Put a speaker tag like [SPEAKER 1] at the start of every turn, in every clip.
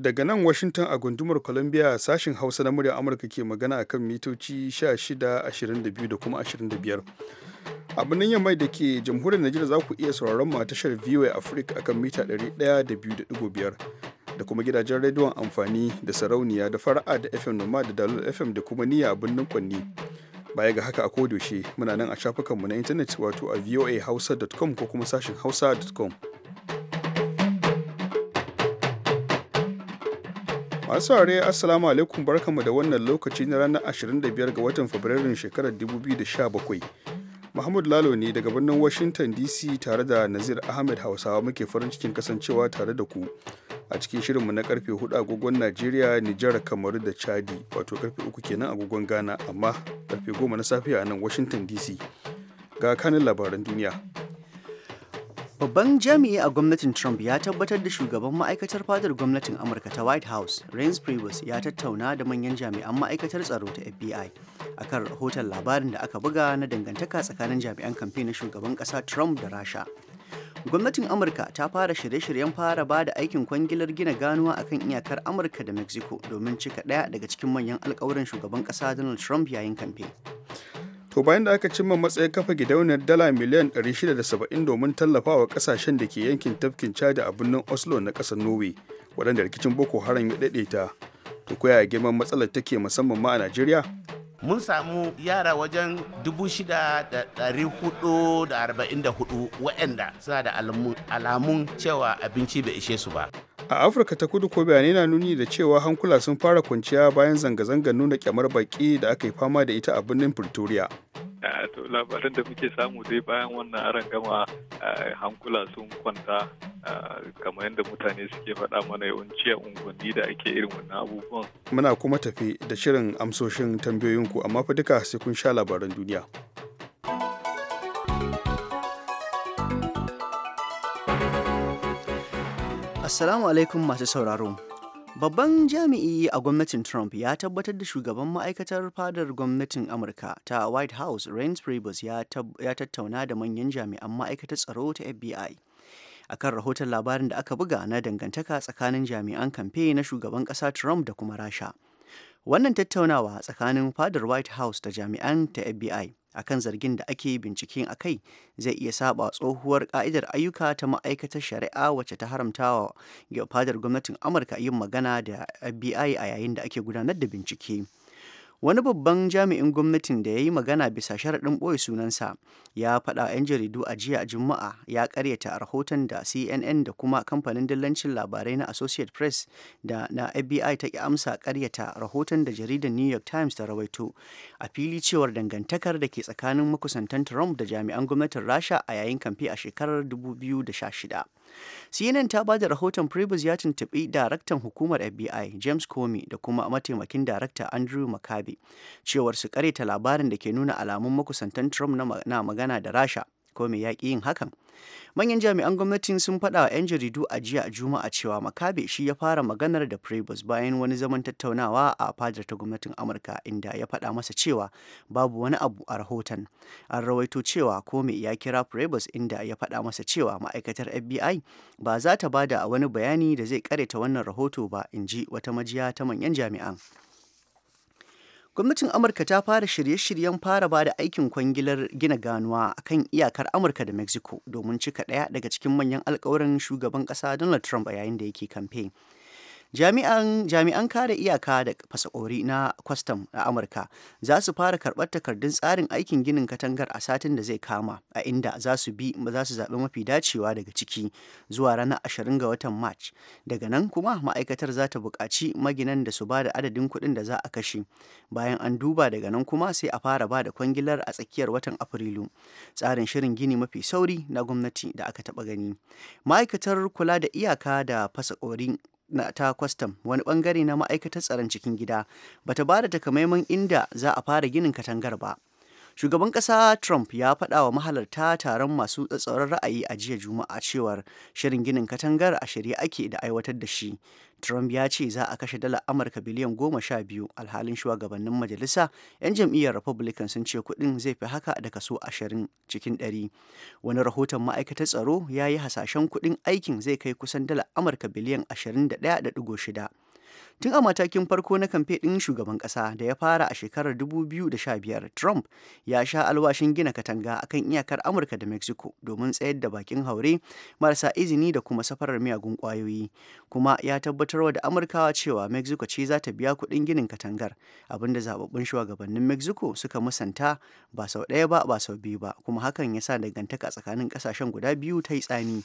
[SPEAKER 1] Daga nan Washington a gundumar Columbia sashen Hausa na murya Amurka ke magana a kan mitoci 16, 22 da kuma 25. A birnin yamma da ke jamhuriyar Najeriya za ku iya sauraron mu a tashar VOA Africa akan mita 102.5 da kuma gidajen rediyon amfani da sarauniya da fara'a da FM Noma da Dalol FM da kuma niyya a birnin Kwanni. Baya ga haka a kodoshe muna nan a shafukanmu na intanet wato a voahausa.com ko kuma sashin hausa.com. Masu ware Assalamu alaikum barkanmu da wannan lokaci na ranar 25 ga watan Fabrairun shekarar 2017. Muhammad Lalo ne daga birnin Washington DC tare da Nazir Ahmed Hausawa muke farin cikin kasancewa tare da ku a cikin shirinmu na karfe 4 agogon Najeriya, Nijar, Kamaru da Chadi wato karfe 3 kenan agogon Ghana amma karfe 10 na safiya a nan Washington DC.
[SPEAKER 2] Ga kanin labaran duniya. Babban jami'i a gwamnatin Trump ya tabbatar da shugaban ma'aikatar fadar gwamnatin Amurka ta White House, Reince Priebus ya tattauna da manyan jami'an ma'aikatar tsaro ta FBI akan rahoton labarin da aka buga na dangantaka tsakanin jami'an kamfe na shugaban ƙasa Trump da Rasha. gwamnatin amurka ta fara shirye-shiryen fara ba da aikin kwangilar gina ganuwa akan iyakar amurka da mexico domin cika ɗaya daga cikin manyan alkawuran shugaban ƙasa donald trump yayin kamfe to bayan da aka cimma
[SPEAKER 1] matsayin kafa gidauniyar dala miliyan 670 domin tallafawa kasashen da ke yankin tafkin chad a birnin oslo na kasar norway waɗanda rikicin boko haram ya ta to koya
[SPEAKER 3] girman matsalar take musamman ma a najeriya mun samu yara wajen 6,444 waɗanda suna da alamun cewa abinci bai ishe su ba.
[SPEAKER 1] a afirka ta kudu ko bayanai na nuni da cewa hankula sun fara kwanciya bayan zanga-zangar nuna kyamar baki da aka yi fama da ita a birnin pretoria
[SPEAKER 4] Eh, to labarin da muke samu dai bayan wannan aron gama eh, hankula sun kwanta eh, kamar yadda mutane suke faɗa mana yawanci a unguwanni da ake irin wannan abubuwan.
[SPEAKER 1] Muna kuma tafi da shirin amsoshin tambayoyinku amma fa duka sai kun sha labaran duniya.
[SPEAKER 2] Assalamu alaikum masu sauraro. Babban jami'i a gwamnatin Trump ya tabbatar da shugaban ma'aikatar fadar gwamnatin Amurka ta White House Reince Priebus ya tattauna da manyan jami'an ma'aikatar tsaro ta FBI. a kan rahoton labarin da aka buga na dangantaka tsakanin jami'an kamfe na shugaban ƙasa Trump da kuma Rasha. Wannan tattaunawa tsakanin fadar White House da jami'an ta FBI akan zargin da ake binciken a kai zai iya saba tsohuwar ka'idar ayyuka ta ma'aikatar shari'a wacce ta haramta wa fadar gwamnatin amurka yin magana da fbi a yayin da ake gudanar da bincike wani babban jami'in gwamnatin da ya yi magana bisa sharaɗin ɓoye sunansa ya faɗa 'yan jaridu a jiya juma'a ya karyata a rahoton da cnn da kuma kamfanin dillancin labarai na associate press da na fbi ta ki amsa karyata rahoton da jaridar new york times ta rawaito a fili cewar dangantakar da ke tsakanin makusantan trump da jami'an gwamnatin rasha a yayin kamfe a shekarar 2016 CNN ta ba da rahoton Prebus ya tuntubi daraktan hukumar FBI James Comey da kuma mataimakin darakta Andrew McCabe cewar su kareta labarin da ke nuna alamun makusantan Trump na magana da Rasha Comey ya ƙi yin hakan. Manyan jami'an gwamnatin sun faɗa wa 'yan jaridu a jiya Juma'a cewa Makabe shi ya fara maganar da Prevost bayan wani zaman tattaunawa a fadar ta gwamnatin Amurka inda ya faɗa masa cewa babu wani abu a rahoton. An rawaito cewa ko mai ya kira Prevost inda ya faɗa masa cewa ma'aikatar FBI ba za ta bada wani bayani da zai ƙareta wannan rahoto ba, in ji wata majiya ta manyan jami'an. gwamnatin amurka ta fara shirye-shiryen fara ba da aikin kwangilar gina ganuwa a kan iyakar amurka da mexico domin cika ɗaya daga cikin manyan alkawarin shugaban ƙasa donald trump a yayin da yake kamfe jami'an jami'an kare iyaka da fasakori na kwastam a amurka za su fara karɓar takardun tsarin aikin ginin katangar a satin da zai kama a inda za su bi za su zaɓi mafi dacewa daga ciki zuwa ranar 20 ga watan march daga nan kuma ma'aikatar za ta buƙaci maginan da su ba da adadin kuɗin da za a kashe bayan an duba daga nan kuma sai a fara ba da kwangilar a tsakiyar watan afrilu tsarin shirin gini mafi sauri na gwamnati da aka taɓa gani ma'aikatar kula da iyaka da fasakori ta kwastam wani bangare na ma'aikatar tsaron cikin gida bata ba da takamaiman inda za a fara ginin katangar ba. Shugaban ƙasa Trump ya faɗa wa mahalarta taron masu tsatsauran ra'ayi a jiya Juma'a cewar shirin ginin katangar a shirye ake da aiwatar da shi. Trump ya ce za a kashe dala Amurka biliyan goma sha biyu alhalin shugabannin majalisa 'yan jam'iyyar Republican sun ce kuɗin zai fi haka da kaso ashirin cikin ɗari. Wani rahoton ma'aikatar tsaro ya yi hasashen kuɗin aikin zai kai kusan dala Amurka biliyan ashirin da ɗaya da ɗigo shida. Tun a matakin farko na kamfe ɗin shugaban ƙasa da ya fara a shekarar 2015, Trump ya sha alwashin gina katanga a kan iyakar Amurka da Mexico domin tsayar da bakin haure marasa izini da kuma safarar miyagun ƙwayoyi. Kuma ya tabbatarwa da Amurkawa cewa Mexico ce za ta biya kuɗin ginin katangar, abinda zababbun shugabannin Mexico suka musanta ba sau ɗaya ba ba sau biyu ba, kuma hakan ya sa dangantaka tsakanin ƙasashen guda biyu ta yi tsami.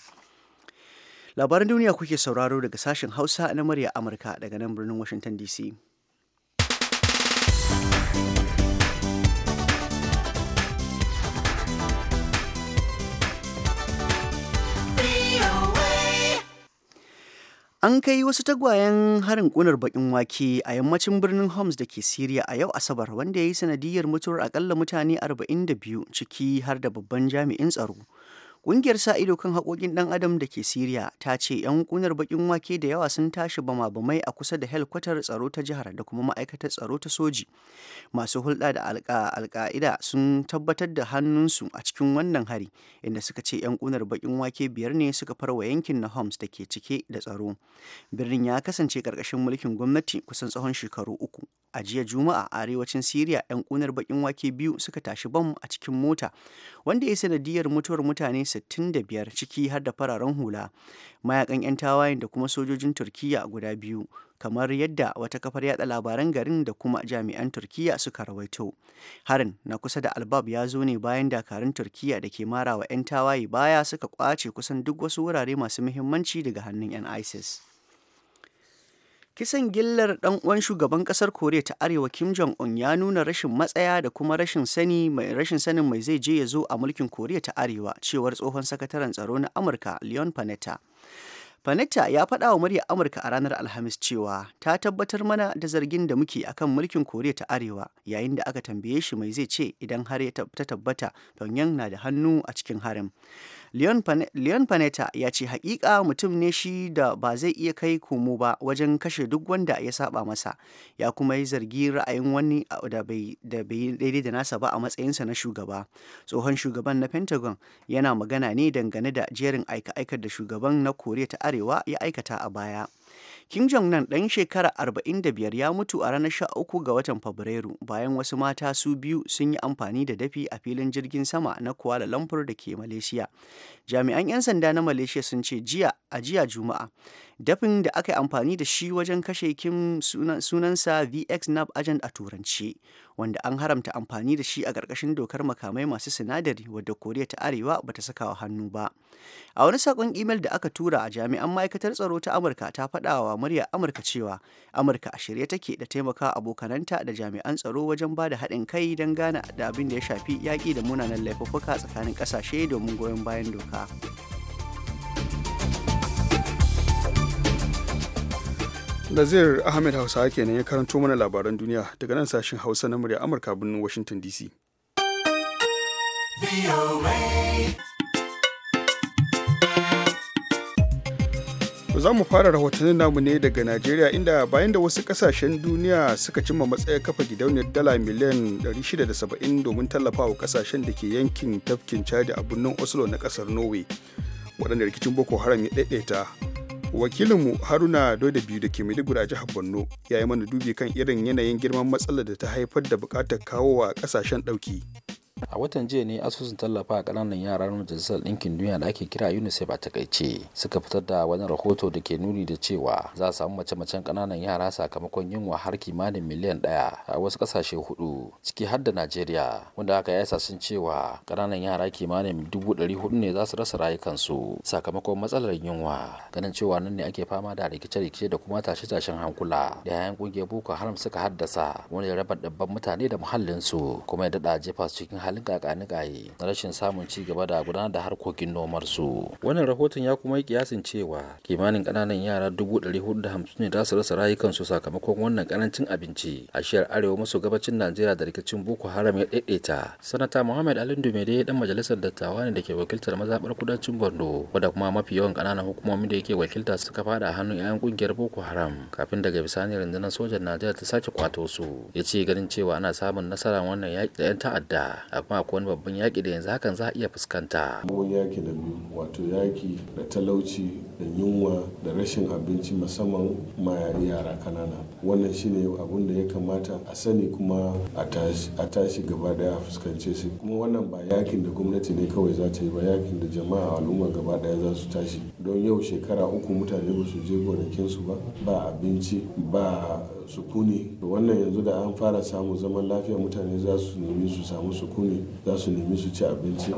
[SPEAKER 2] labaran duniya kuke sauraro daga sashen hausa na murya amurka daga nan birnin washington dc An kai wasu tagwayen harin kunar bakin wake a yammacin birnin Homs da ke Siriya a yau Asabar wanda ya yi sanadiyar mutuwar akalla mutane 42 ciki har da babban jami'in tsaro. Ƙungiyar sa ido kan haƙoƙin ɗan adam da ke Siriya ta ce 'yan ƙunar baƙin wake da yawa sun tashi bama-bamai a kusa da helkwatar tsaro ta jihar da kuma ma'aikatar tsaro ta soji. Masu hulɗa da alƙa'ida sun tabbatar da hannunsu a cikin wannan hari inda suka ce 'yan ƙunar baƙin wake biyar ne suka farwa yankin na Homs da ke cike da tsaro. Birnin ya kasance ƙarƙashin mulkin gwamnati kusan tsawon shekaru uku a jiya juma'a a arewacin siriya 'yan kunar bakin wake biyu suka tashi bam a cikin mota wanda ya sanadiyar mutuwar mutane 65 ciki har da fararen hula mayakan 'yan tawayen da kuma sojojin turkiya guda biyu kamar yadda wata kafar yada labaran garin da kuma jami'an turkiya suka rawaito harin na kusa da albab ya zo ne bayan dakarun turkiya da ke marawa 'yan tawaye baya suka kwace kusan duk wasu wurare masu muhimmanci daga hannun 'yan isis Kisan gillar ɗan uwan shugaban ƙasar Koriya ta Arewa Kim Jong-un ya nuna rashin matsaya da kuma rashin sani mai rashin sanin mai zai je ya zo a mulkin Koriya ta Arewa, cewar tsohon sakataren tsaro na Amurka Leon Panetta. Panetta ya faɗa wa murya Amurka a ranar Alhamis cewa ta tabbatar mana da zargin da muke akan mulkin Koriya ta Arewa yayin da aka tambaye shi mai zai ce idan har ya ta tabbata Pyongyang na da hannu a cikin harin. leon panetta ya ce hakika mutum ne shi da ba zai iya kai komo ba wajen kashe duk wanda ya saba masa ya kuma yi zargi ra'ayin wani da bai daidai da nasa ba a matsayinsa na shugaba tsohon shugaban na pentagon yana magana ne dangane da jerin aika-aikar da shugaban na koriya ta arewa ya aikata a baya Kim Jong-nan ɗan shekara 45 ya mutu a ranar 13 ga watan Fabrairu bayan wasu mata su biyu sun yi amfani da dafi a filin jirgin sama na Kuala Lumpur da ke Malaysia. jami'an 'yan sanda na malaysia sun ce jiya a jiya juma'a dafin da aka yi amfani da shi wajen kashe kim sunansa vx nab agent a turanci wanda an haramta amfani da shi a ƙarƙashin dokar makamai masu sinadari wadda koriya ta arewa ba ta saka wa hannu ba a wani saƙon imel da aka tura a jami'an ma'aikatar tsaro ta amurka ta faɗa wa murya amurka cewa amurka a shirye take da taimaka abokananta da jami'an tsaro wajen ba da haɗin kai don gane da abin da ya shafi yaƙi da munanan laifuffuka tsakanin ƙasashe domin goyon bayan doka amurka
[SPEAKER 1] nazir ahmed hausa kenan ya karanto mana labaran duniya daga nan sashen hausa na murya amurka birnin washington dc za mu fara rahotannin namu ne daga najeriya inda bayan da wasu kasashen duniya suka cimma matsayar kafa gidauniyar dala miliyan 670 domin tallafawa kasashen da ke yankin tafkin chad a birnin oslo na kasar norway waɗanda rikicin boko haram ya ɗaiɗaita wakilinmu haruna doida biyu da ke maiduguri a jihar borno ya yi mana dubi kan irin yanayin girman matsalar da ta haifar da buƙatar kawo wa ƙasashen ɗauki
[SPEAKER 5] a watan jiya ne asusun tallafa kananan yara na majalisar ɗinkin duniya da ake kira unicef a takaice suka fitar da wani rahoto da ke nuni da cewa za a samu mace-macen kananan yara sakamakon yunwa har kimanin miliyan ɗaya a wasu ƙasashe hudu ciki har da najeriya wanda aka yi sun cewa kananan yara kimanin dubu ɗari hudu ne za su rasa rayukansu sakamakon matsalar yunwa ganin cewa nan ne ake fama da rikice-rikice da kuma tashe-tashen hankula da yayan ƙungiyar boko haram suka haddasa wani ya raba dabban mutane da muhallinsu kuma ya daɗa jefa cikin halin kakanikaye rashin samun ci gaba da gudanar da harkokin nomar su. wannan rahoton ya kuma yi kiyasin cewa kimanin ƙananan yara dubu ɗari hudu da hamsin ne za su rasa rayukansu sakamakon wannan karancin abinci a shiyar arewa maso gabacin najeriya da rikicin boko haram ya daidaita. sanata muhammad alin dumede dan majalisar dattawa ne da ke wakiltar Mazabar kudancin borno wadda kuma mafi yawan kananan hukumomin da yake wakilta suka fada a hannun 'ya'yan ƙungiyar boko haram kafin daga bisani rundunar sojan najeriya ta sake kwato su ya ce ganin cewa ana samun nasara wannan yaƙi da 'yan ta'adda amma akwai wani babban yaƙi da yanzu hakan za a iya fuskanta.
[SPEAKER 1] Mun yaƙi na biyu wato yaƙi da talauci da yunwa da rashin abinci musamman ma yara kanana wannan shine abun da ya kamata a sani kuma a tashi gaba a fuskance su kuma wannan ba yakin da gwamnati ne kawai za ta yi ba yakin da jama'a al'umma gaba daya za su tashi don yau shekara uku mutane ba su je gonakinsu ba ba abinci ba sukuni wannan yanzu da an fara samu zaman lafiya mutane za su nemi su samu sukuni za su nemi su ci abinci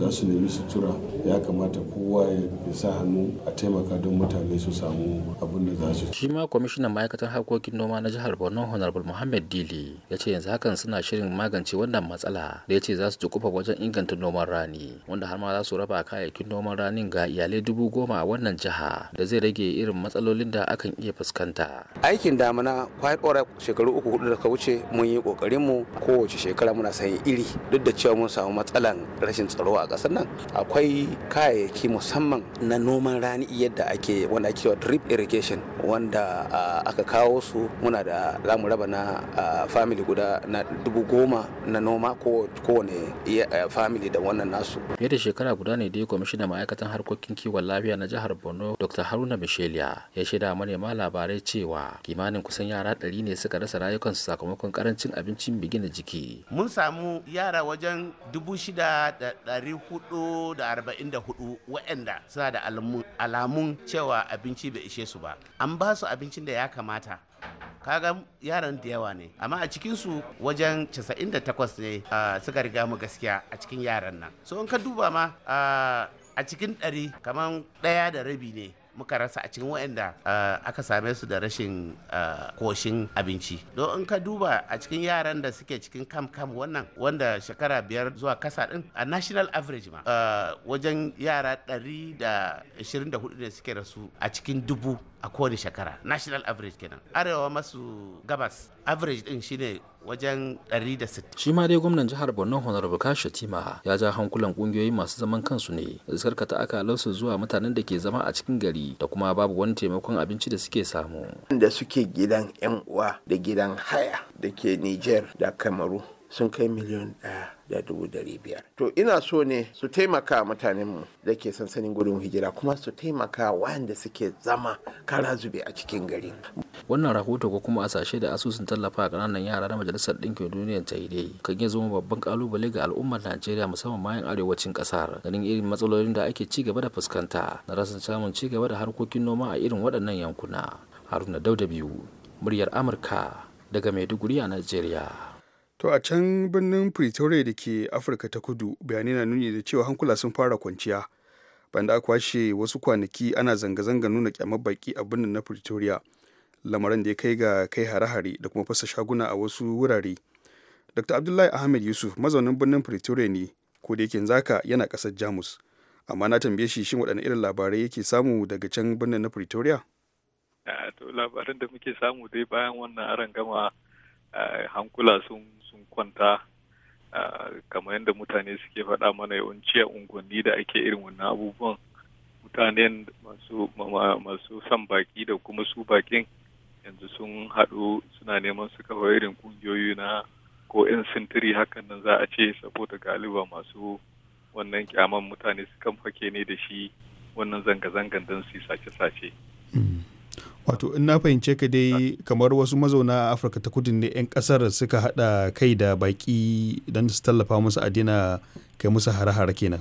[SPEAKER 1] za su nemi sutura ya kamata kowa ya sa hannu a taimaka
[SPEAKER 5] don mutane su samu abin da za su shi ma kwamishinan ma'aikatan harkokin noma na jihar borno honorable muhammad dili ya ce yanzu hakan suna shirin magance wannan matsala da ya ce za su jukufa wajen inganta noman rani wanda har ma za su raba kayayyakin noman ranin ga iyalai dubu goma a wannan jiha da zai rage irin matsalolin da akan iya fuskanta
[SPEAKER 3] aikin damana kwai kora shekaru uku hudu da ka wuce mun yi kokarin mu kowace shekara muna sayan iri duk da cewa mun samu matsalan rashin tsaro a a nan akwai kayayyaki musamman na noman rani yadda ake wanda ake drip irrigation wanda aka kawo su muna da zamu raba na family guda na dubu goma na noma kowane family
[SPEAKER 5] da wannan nasu fiye da shekara guda ne dai kwamishinan ma'aikatan harkokin kiwon lafiya na jihar borno dr haruna mishelia ya shaida manema labarai cewa kimanin kusan yara ɗari ne suka rasa rayukansu sakamakon karancin abincin bigina jiki mun samu
[SPEAKER 3] yara wajen dubu shida da ɗari 444 waɗanda suna da alamun cewa abinci bai ishe su ba an ba su abincin da ya kamata kaga yaran da yawa ne amma a cikinsu wajen 98 ne suka riga mu gaskiya a cikin yaran nan so in ka duba ma a cikin ɗari kamar ɗaya da rabi ne muka rasa a cikin waɗanda eh, aka same su da rashin eh, koshin abinci don in ka duba a cikin yaran da suke cikin kam kam wannan wanda shekara biyar zuwa kasa din a national average ma eh, wajen yara 124 ne suke rasu
[SPEAKER 5] a cikin dubu a kowane shekara
[SPEAKER 3] national average kenan arewa masu gabas average din shine wajen 160
[SPEAKER 5] shi ma dai gwamnan jihar borno honorable kashi tima ya ja hankulan kungiyoyi masu zaman kansu ne da karkata akalansu zuwa mutanen da ke zama a cikin gari da kuma babu wani taimakon abinci da suke samu
[SPEAKER 3] da suke gidan yan uwa da gidan haya da ke niger da kamaru sun kai miliyan ɗaya da dubu dari biyar. To ina so ne su taimaka mutanen mu da ke sansanin gudun hijira kuma su taimaka wanda suke zama kara zube a
[SPEAKER 5] cikin gari. Wannan rahoto ko kuma asashe da asusun tallafa a ƙananan yara na Majalisar Ɗinkin Duniya ta yi dai kan iya zama babban ƙalubale ga al'ummar Najeriya musamman mayan arewacin ƙasar ganin irin matsalolin da ake ci gaba da fuskanta na rasa samun ci gaba da harkokin noma a irin waɗannan yankuna. Haruna Dauda biyu, muryar Amurka daga Maiduguri a Najeriya.
[SPEAKER 1] To a can birnin Pretoria da ke Afirka ta kudu bayanai na nuni da cewa hankula sun fara kwanciya. Banda a kwashe wasu kwanaki ana zanga-zanga nuna kyamar baki a birnin na Pretoria. Lamarin da ya kai ga kai hare-hare da kuma fasa shaguna a wasu wurare. Dr. Abdullahi Ahmed Yusuf mazaunin birnin Pretoria ne ko da yake zaka yana kasar Jamus. Amma na tambaye shi shin waɗanne irin labarai yake samu daga can birnin na Pretoria?
[SPEAKER 4] Eh, labarin da muke samu dai bayan wannan aron gama eh, hankula sun sun kwanta kamar yadda mutane suke faɗa mana yawanci a unguwanni da ake irin wannan abubuwan mutanen masu san son baki da kuma su bakin yanzu sun haɗu suna neman su kafa irin ƙungiyoyi na ko 'yan sintiri hakan nan za a ce saboda galiba masu wannan kyaman mutane sukan fake ne da shi wannan zanga-zangan don su sace-sace. Hmm.
[SPEAKER 1] wato in na fahimce ka dai kamar wasu mazauna a afirka ta kudu ne 'yan kasar suka hada kai da baki don su tallafa musu adina kai musu hare hara kenan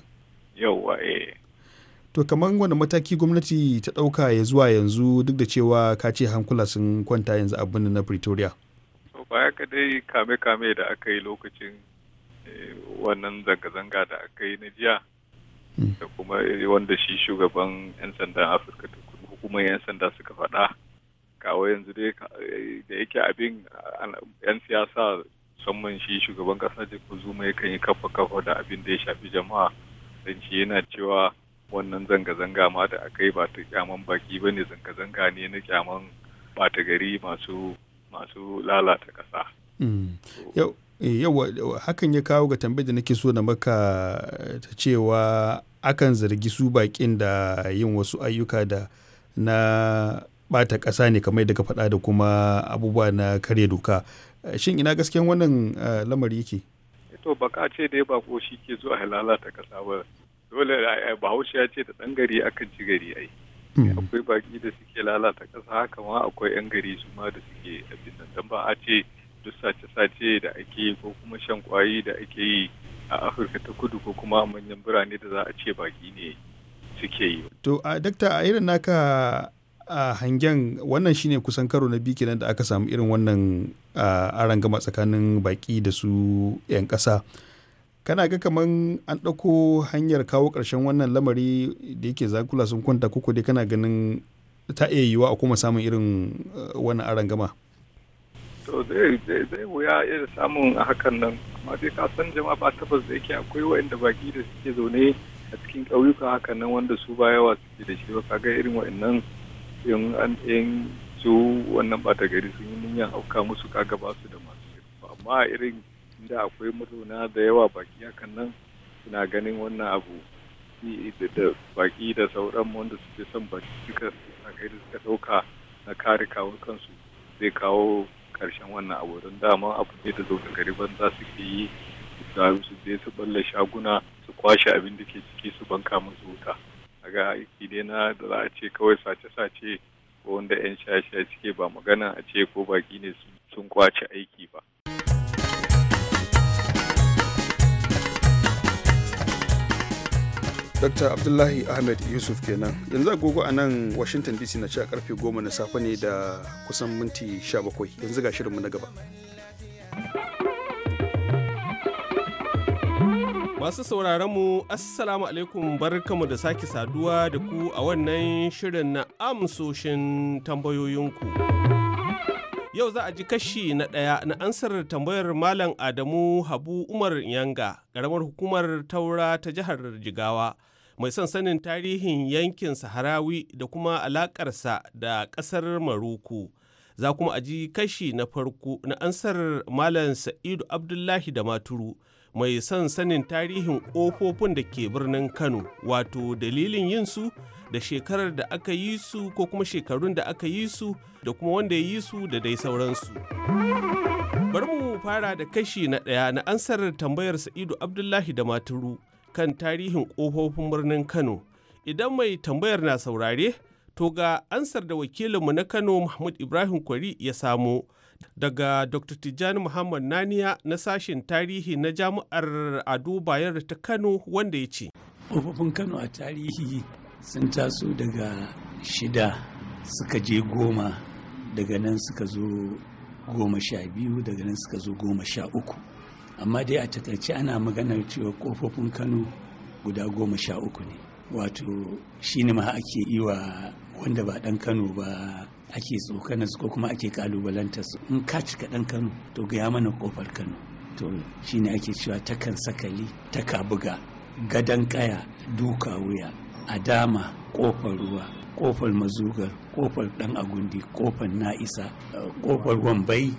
[SPEAKER 4] yauwa eh
[SPEAKER 1] to kamar wani mataki gwamnati ta dauka ya zuwa yanzu duk da cewa ka ce hankula sun kwanta yanzu abin na pretoria
[SPEAKER 4] to baya ka dai kame-kame da aka yi lokacin eh, wannan zanga-zanga da aka yi na jiya hmm. da kuma wanda shi shugaban 'yan sandan afirka ta kuma 'yan sanda suka faɗa kawo yanzu dai da yake abin 'yan siyasa musamman shi shugaban kasa ku Zuma yakan yi kafa kafa da abin da ya shafi jama'a don shi yana cewa wannan zanga-zanga ma da aka yi ba ta kyaman baki ba ne zanga-zanga ne na kyaman bata gari masu masu lalata kasa
[SPEAKER 1] mm. Yau hakan ya kawo ga tambayar da nake so na maka ta cewa akan zargi su bakin da yin wasu ayyuka da na bata ƙasa ne kamar daga faɗa da kuma abubuwa na karya doka shin ina gaskiyan wannan eh, lamari yake
[SPEAKER 4] to baka ce dai ba ko shi ke zuwa halalata ƙasa ba dole bahaushe ya ce da ɗan gari akan ci gari ai hmm. akwai baki da suke lalata ƙasa haka ma akwai 'yan gari su ma da suke abin nan ba a ce duk sace-sace da ake yi ko kuma shan kwayi da ake yi a afirka ta kudu ko kuma manyan birane da za a ce baki ne suke yi
[SPEAKER 1] to a dakta a irin naka a hangen wannan shine kusan karo na biyu kenan da aka samu irin wannan aran gama tsakanin baki da su 'yan ƙasa kana ga kamar an ɗauko hanyar kawo ƙarshen wannan lamari da yake zakula sun kwanta kuku dai kana ganin ta iya yiwuwa a kuma samun irin wannan aran gama
[SPEAKER 4] to zai wuya irin samun hakan nan amma dai ka san jama'a ba tabbas da yake akwai wa'anda baki da suke zaune a cikin ƙauyuka haka nan wanda su ba yawa suke da shi ba kaga irin wa'annan in an in su wannan ɓata gari sun yi munyan hauka musu kaga ba su da masu amma irin inda akwai mazauna da yawa baki hakan nan suna ganin wannan abu da baki da sauran wanda suke son baki suka gari suka ɗauka na kare kawo kansu zai kawo karshen wannan abu don dama abu ne da zo da gari banza suke yi su je su balle shaguna su kwashe abin da ke ciki su banka musu wuta a ga aiki dai na da za a ce kawai sace-sace ko wanda 'yan shaye-shaye suke ba magana a ce ko baki ne sun kwace aiki ba
[SPEAKER 1] Dr. Abdullahi Ahmed Yusuf kenan. Yanzu agogo a nan Washington DC na ci karfe goma na safe ne da kusan minti 17. Yanzu ga shirinmu na gaba.
[SPEAKER 6] Masu sauraron mu Assalamu alaikum barkamu da sake saduwa da ku a wannan shirin na amsoshin tambayoyinku. Yau za a ji kashi na ɗaya na ansar tambayar Malam Adamu Habu Umar Yanga, ƙaramar hukumar Taura ta jihar Jigawa, mai son sanin tarihin yankin Saharawi da kuma alaƙarsa da ƙasar Maroko. Za kuma a ji kashi na farko na ansar Malam Sa'idu Abdullahi da Maturu. mai son sanin tarihin ƙofofin da ke birnin Kano wato dalilin yin su da shekarar da aka yi su ko kuma shekarun da aka yi su da kuma wanda ya yi su da dai sauransu. Bari mu fara da kashi na ɗaya na ansar tambayar Sa'idu Abdullahi da Maturu kan tarihin ƙofofin birnin Kano. Idan mai tambayar na saurare, to ga ansar da wakilinmu na Kano Mahmud Ibrahim Kwari ya samo daga Dr. Tijjani Muhammad Naniya na sashen tarihi na jami'ar Ado Bayero ta Kano wanda ya ce.
[SPEAKER 7] Ƙofofin Kano a tarihi sun taso daga shida suka je goma daga nan suka zo goma sha biyu daga nan suka zo goma sha uku. Amma dai a takaice ana maganar cewa ƙofofin Kano guda goma sha uku ne. Wato shi ma ake yi wa wanda ba ɗan Kano ba ake tsokanar su ko kuma ake kalubalantar su in ka cika ɗan kano to gaya mana kofar kano to shine ake cewa ta kan sakali ka buga gadon kaya duka wuya a dama Ƙofar ruwa Ƙofar mazugar Ƙofar Ɗan agundi kofar na'isa Ƙofar wambai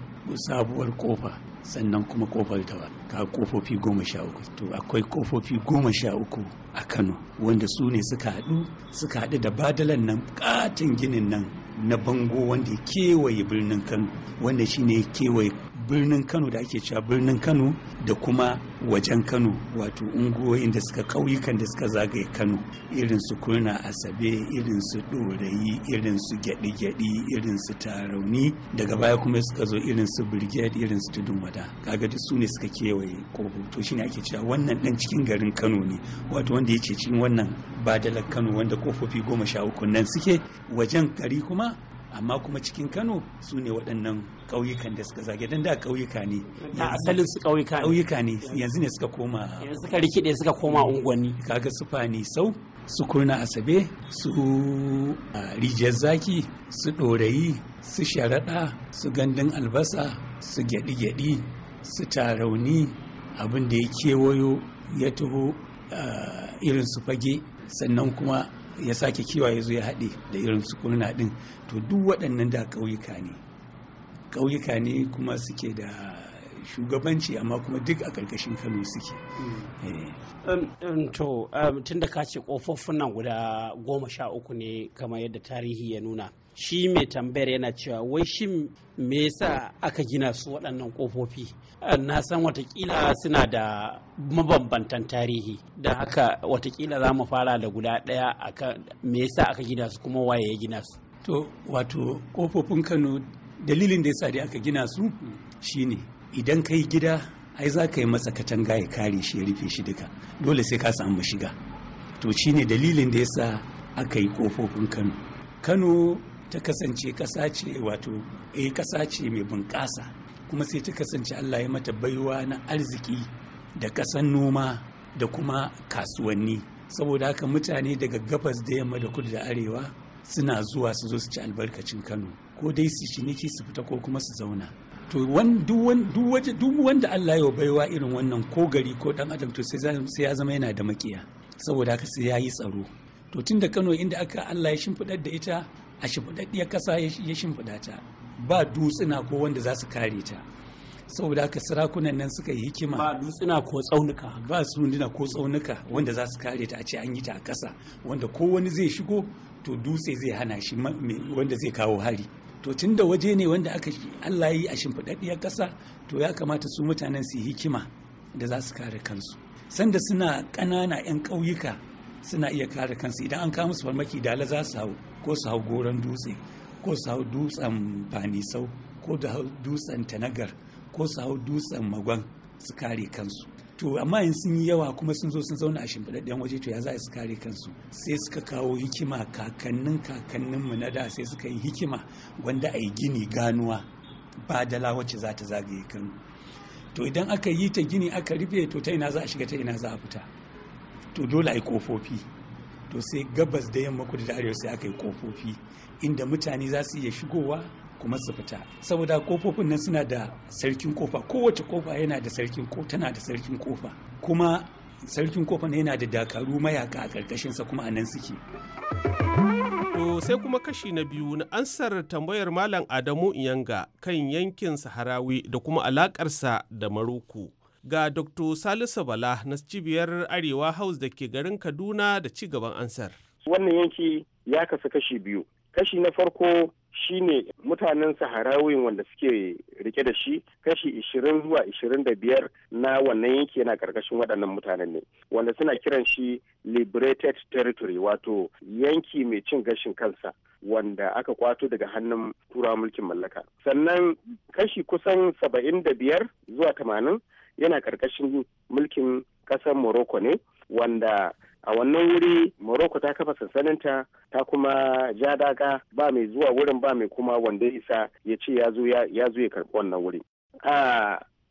[SPEAKER 7] sabuwar Ƙofa, sannan kuma kofar dawa, ka kofofi goma sha uku to akwai kofofi goma sha uku a kano wanda su ne suka haɗu suka haɗu da badalan nan katin ginin nan na bango wanda ya kewaye birnin kano wanda shine ya kewaye birnin kano da ake cewa birnin kano da kuma wajen kano wato unguwoyin da suka kauyukan da suka zagaye kano irin su kurna asabe irin su ɗorayi irin su gyaɗi-gyaɗi irin su tarauni daga baya kuma suka zo irin su brigade irin su tudun wada kaga duk su suka kewaye ko to shine ake cewa wannan dan cikin garin kano ne wato wanda ya ce cikin wannan badalar kano wanda kofofi goma sha uku nan suke wajen gari kuma amma kuma cikin kano su ne waɗannan ƙauyukan da suka zage don da ƙauyuka ne na asalin su ƙauyuka ƙauyuka ne yanzu ne suka koma yanzu suka rikide suka koma unguwanni kaga su fani sau su kurna asabe su rijiyar zaki su ɗorayi su sharaɗa su gandun albasa su gyaɗi-gyaɗi su tarauni abin da ya kewayo ya taho irin su fage sannan kuma ya sake kiwa ya zo ya haɗe da irin su kurna ɗin to duk waɗannan da ƙauyuka ne ƙauyuka ne kuma suke da shugabanci amma kuma duk a ƙarƙashin kano suke hmm. eh. um, um, to um, tun da ka ce ƙofofin nan guda goma sha uku ne kamar yadda tarihi ya nuna shi mai tambayar yana cewa wai shi me yasa aka gina su waɗannan ƙofofi ah, na san watakila suna da mabambantan tarihi da haka watakila za mu fara da guda ɗaya aka me yasa aka gina su kuma waye ya gina su to wato ƙofofin kano dalilin da yasa dai aka gina su shine idan kai gida ai za ka yi masa katanga ya kare shi ya rufe shi duka dole sai ka samu shiga to shine dalilin da yasa aka yi ƙofofin kano kano ta kasance kasa ce wato yi eh, kasa ce mai bunƙasa kuma sai ta kasance Allah ya mata baiwa na arziki da kasan noma da kuma kasuwanni saboda haka mutane daga gabas da yamma da kudu da arewa suna zuwa su zo su ci albarkacin Kano ko dai su ciniki su fita ko kuma su zauna to duk wanda Allah ya baiwa irin wannan ko gari ko dan adam to sai ya zama yana da makiya saboda haka sai ya yi tsaro to tun da Kano inda aka Allah ya shimfiɗar da ita a shimfiɗaɗɗiyar ƙasa ya shimfiɗa ta ba dutsuna ko wanda za su kare ta saboda haka sarakunan nan suka yi hikima ba dutsuna ko tsaunuka ba sunduna ko tsaunuka wanda za su kare ta a ce an yi ta a ƙasa wanda ko wani zai shigo to dutse zai hana shi wanda zai kawo hari to tun da waje ne wanda aka Allah yi a shimfiɗaɗɗiyar ƙasa to ya kamata su mutanen su yi hikima da za su kare kansu sanda suna ƙanana 'yan ƙauyuka suna iya kare kansu idan an kawo musu farmaki dala za su hau ko su hau goron dutse ko su hau dutsen banisau ko da hau dutsen tanagar ko su hau dutsen magon su kare kansu to amma in sun yi yawa kuma sun zo sun zauna a shimfiɗaɗɗen waje to ya za su kare kansu sai suka kawo hikima kakannin kakanninmu na da sai suka yi hikima wanda a yi gini ganuwa ba dala wacce za ta zagaye kanu to idan aka yi ta gini aka rufe to ta ina za a shiga ta ina za a fita to dole a yi kofofi to sai gabas da yamma kudu da arewa sai aka yi kofofi inda mutane za su iya shigowa kuma su fita saboda kofofin nan suna da sarkin kofa kowace kofa yana da sarkin ko tana da sarkin kofa kuma sarkin kofa
[SPEAKER 6] yana da dakaru mayaka a ƙarƙashinsa kuma a nan suke to sai kuma kashi na biyu na ansar tambayar malam adamu iyanga kan yankin saharawi da kuma alakarsa da maroko ga Dr. Salisu Bala na cibiyar Arewa House da ke garin Kaduna da ci gaban ansar.
[SPEAKER 8] Wannan yanki ya kasa kashi biyu. Kashi na farko shine mutanen Saharawin wanda suke rike da shi kashi ishirin zuwa ishirin da biyar na wannan yanki yana karkashin waɗannan mutanen ne wanda suna kiran shi liberated territory wato yanki mai cin gashin kansa wanda aka kwato daga hannun turawa mulkin mallaka sannan kashi kusan saba'in da biyar zuwa tamanin yana karkashin mulkin kasar morocco ne wanda a wannan wuri morocco ta kafa sansaninta ta kuma ja daga ba mai zuwa wurin ba mai kuma wanda isa ya ce ya zo ya karɓi wannan wuri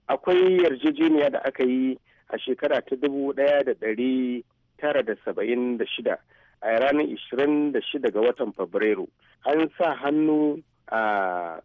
[SPEAKER 8] akwai yarjejeniya da aka yi a shekara ta dubu ɗaya da ɗari tara da saba'in da shida a ranar ishirin da shida ga watan fabrairu an sa hannu a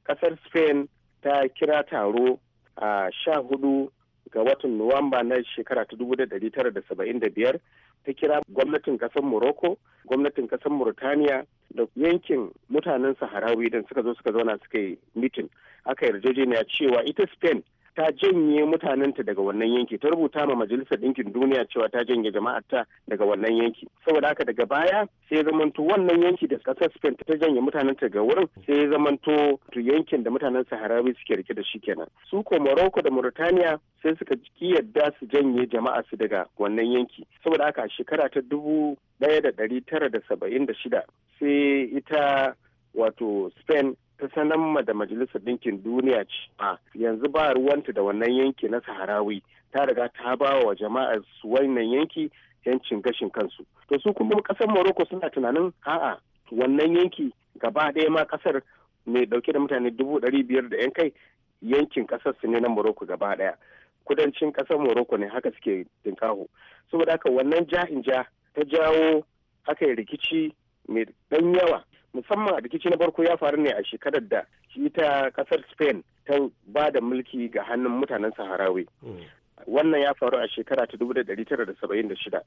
[SPEAKER 8] ƙasar spain ta kira taro a sha hudu ga watan Nuwamba na shekara ta dubu da da da tara saba'in biyar ta kira gwamnatin kasar Morocco, gwamnatin kasar murtaniya da yankin mutanen Saharawi idan suka zo suka zauna suka yi mitin. Aka yarjejeniya cewa ita Spain ta janye mutanenta daga wannan yanki ta rubuta ma majalisar ɗinkin duniya cewa ta janye jama'arta daga wannan yanki saboda haka daga baya sai ya zamanto wannan yanki da ƙasar Spain ta janye mutanenta daga wurin sai ya zamanto yankin da mutanen Saharawi suke rike da shi kenan su ko Morocco da Mauritania sai suka ki yadda su janye jama'a su daga wannan yanki saboda haka shekara ta dubu ɗaya da ɗari tara da saba'in da shida sai ita wato Spain ta sanar ma da majalisar ɗinkin duniya cewa yanzu ba ruwanta da wannan yanki na saharawi ta riga ta ba wa jama'ar su wannan yanki yancin gashin kansu to su kuma kasar morocco suna tunanin a'a wannan yanki gaba ɗaya ma kasar mai dauke da mutane dubu ɗari biyar da yan kai yankin kasar su ne na morocco gaba ɗaya kudancin kasar morocco ne haka suke dinkaho saboda haka wannan in ja ta jawo aka rikici mai ɗan yawa musamman a rikici na farko ya faru ne a shekarar da shi ta kasar spain ta ba da mulki ga hannun mutanen saharawi hmm. wannan ya faru a shekara ta 1976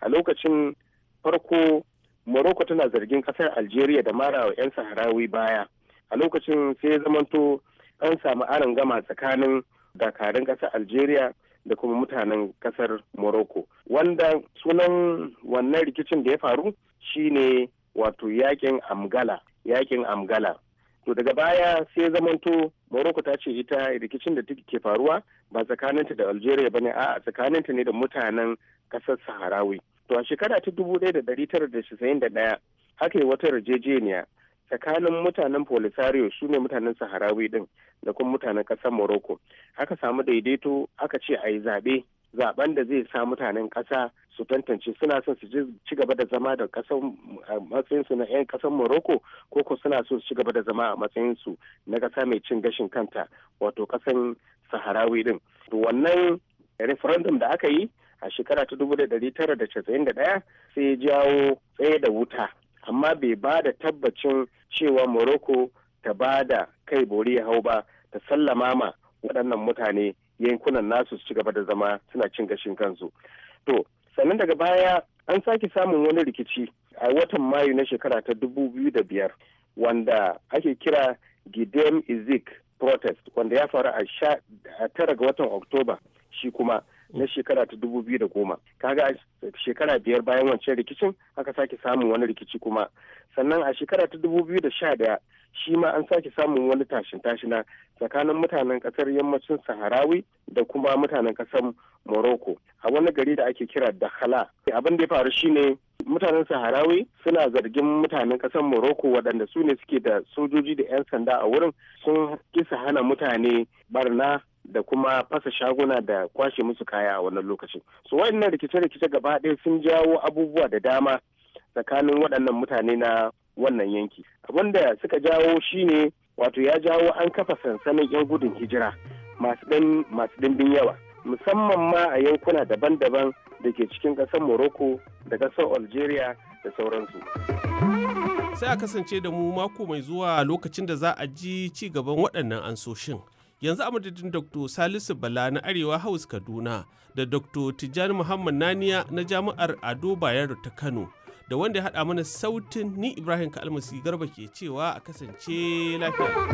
[SPEAKER 8] a lokacin farko morocco tana zargin kasar algeria da mara wa 'yan saharawi baya a lokacin sai ya zamanto an samu aron gama tsakanin dakarun kasar algeria da kuma mutanen kasar morocco wanda sunan wannan rikicin da ya faru shine wato yakin amgala yakin amgala to daga baya sai zamanto morocco ta ce ita rikicin da ke faruwa ba tsakaninta da algeria bane a'a a tsakaninta ne da mutanen kasar saharawi to a shekara ta dubu ɗaya da ɗari tara da casa'in da ɗaya haka yi wata yarjejeniya tsakanin mutanen polisario su ne mutanen saharawi din da kuma mutanen kasar morocco haka samu daidaito aka ce a yi zaɓe zaɓen da zai sa mutanen ƙasa su tantance suna son su ci gaba da zama da kasan matsayinsu na 'yan kasan morocco ko ko suna son su ci gaba da zama a matsayinsu na kasa mai cin gashin kanta wato kasan saharawi din wannan referendum da aka yi a shekara ta da da ɗaya sai jawo tsaye da wuta amma bai ba da tabbacin cewa morocco ta ba da kai bori ya hau ba ta sallama ma waɗannan mutane yankunan nasu su ci gaba da zama suna cin gashin kansu to sannan daga baya an sake samun wani rikici a watan mayu na shekara ta dubu biyu da biyar wanda ake kira gidem izik protest wanda ya faru a tara ga watan oktoba shi kuma na shekara ta dubu biyu da goma kaga shekara biyar bayan wancan rikicin aka sake samun wani rikici kuma sannan a shekara ta dubu biyu da sha daya shi ma an sake samun wani tashin tashina tsakanin mutanen kasar yammacin saharawi da kuma mutanen kasar morocco a wani gari da ake kira dakhala abin da ya faru shine mutanen saharawi suna zargin mutanen kasar morocco waɗanda su ne suke da sojoji da 'yan sanda a wurin sun kisa hana mutane barna da kuma fasa shaguna da kwashe musu kaya a wannan lokacin so waɗannan rikice-rikice gaba ɗaya sun jawo abubuwa da dama tsakanin waɗannan mutane na wannan yanki abin da suka jawo shine wato ya jawo an kafa sansanin 'yan gudun hijira masu dimbin yawa musamman ma a yankuna daban-daban da ke cikin ƙasar morocco da ƙasar algeria da sauransu
[SPEAKER 6] sai a kasance da mu mako mai zuwa lokacin da za a ji ci gaban waɗannan ansoshin yanzu a madadin dr salisu bala na arewa house kaduna da dr tijjani muhammad naniya na jami'ar ado bayero ta kano da wanda ya haɗa mana sautin ni Ibrahim Kalmasi Garba ke cewa a kasance lafiya.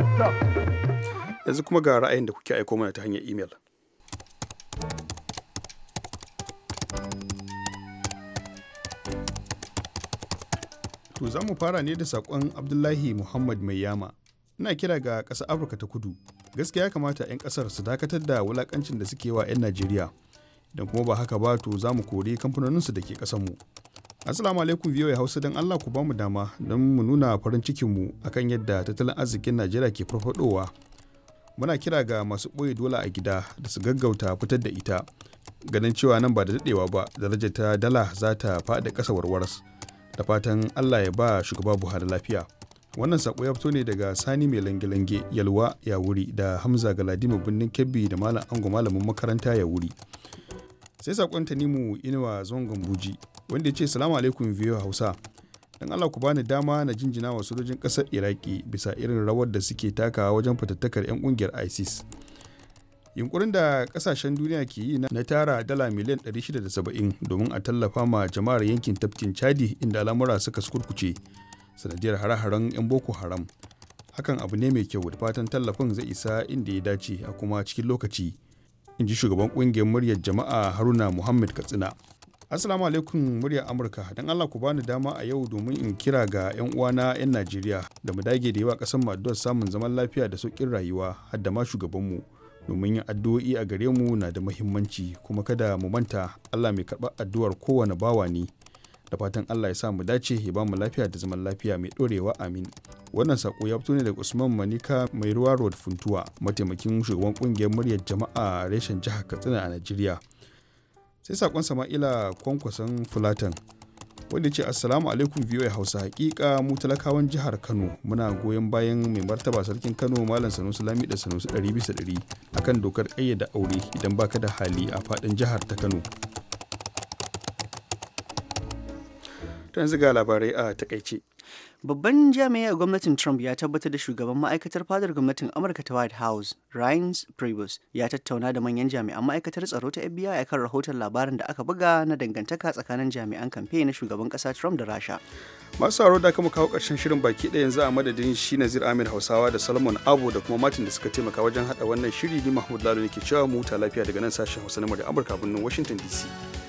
[SPEAKER 1] Yanzu kuma ga ra'ayin da kuke aiko mana ta hanyar imel. To za mu fara ne da saƙon Abdullahi Muhammad Mai Yama. Ina kira ga ƙasa Afirka ta kudu. Gaskiya kamata 'yan ƙasar su dakatar da wulaƙancin da suke wa 'yan Najeriya. Idan kuma ba haka ba to za mu kori kamfanoninsu da ke ƙasarmu. mu. Assalamu alaikum ya Hausa don Allah ku bamu dama don mu nuna farin cikinmu akan yadda tattalin arzikin Najeriya ke farfadowa. Muna kira ga masu ɓoye dola a gida da su gaggauta fitar da ita. Ganin cewa nan ba da daɗewa ba daraja ta dala za ta faɗi ƙasa warwaras. Da fatan Allah ya ba shugaba Buhari lafiya. Wannan saƙo ya fito ne daga Sani mai lange-lange Yalwa ya wuri da Hamza Galadima birnin Kebbi da Malam Ango malamin makaranta ya wuri. sai sakon tanimu inuwa zongon buji wanda ya ce salamu alaikum biyu hausa don allah ku bani dama na jinjina wa sojojin kasar iraki bisa irin rawar da suke takawa wajen fatattakar 'yan kungiyar isis yunkurin da kasashen duniya ke yi na tara dala miliyan 670 domin a tallafa ma jama'ar yankin tafkin chadi inda al'amura suka kurkuce sanadiyar hare-haren 'yan boko haram hakan abu ne mai kyau da fatan tallafin zai isa inda ya dace a kuma cikin lokaci in ji shugaban kungiyar muryar jama'a haruna muhammad katsina Assalamu alaikum muryar Amurka don Allah ku bani dama a yau domin in kira ga 'yan uwana 'yan Najeriya da mu dage da yawa ƙasar Maduwar samun zaman lafiya da sauƙin rayuwa har da ma shugabanmu domin yin addu'o'i a gare mu na da muhimmanci kuma kada mu manta Allah mai karɓar addu'ar kowane bawa ne da fatan Allah ya sa mu dace ya ba mu lafiya da zaman lafiya mai ɗorewa amin wannan sako ya fito ne da Usman Manika mai ruwa road funtuwa mataimakin shugaban kungiyar muryar jama'a reshen jihar Katsina a Najeriya sai sakon sama'ila kwankwason fulatan wanda ce assalamu alaikum ya hausa hakika mu talakawan jihar kano muna goyon bayan mai martaba sarkin kano malam sanusi lami da sanusi ɗari bisa ɗari akan dokar ƙayyada aure idan baka da hali a faɗin jihar ta kano
[SPEAKER 2] ta yanzu ga labarai a takaice Babban jami'ai a gwamnatin Trump ya tabbatar da shugaban ma'aikatar fadar gwamnatin Amurka ta White House, Ryan Priebus, ya tattauna da manyan jami'an ma'aikatar tsaro ta FBI kan rahoton labarin da aka buga na dangantaka tsakanin jami'an kamfe na shugaban kasa Trump da Rasha. Masu aro da kuma kawo karshen shirin baki ɗaya yanzu a
[SPEAKER 1] madadin shi Nazir Ahmed Hausawa da Solomon Abu da kuma Martin da suka taimaka wajen haɗa wannan shiri ni Mahmud Lalo ne ke cewa mu huta lafiya daga nan sashen Hausa na Amurka birnin Washington DC.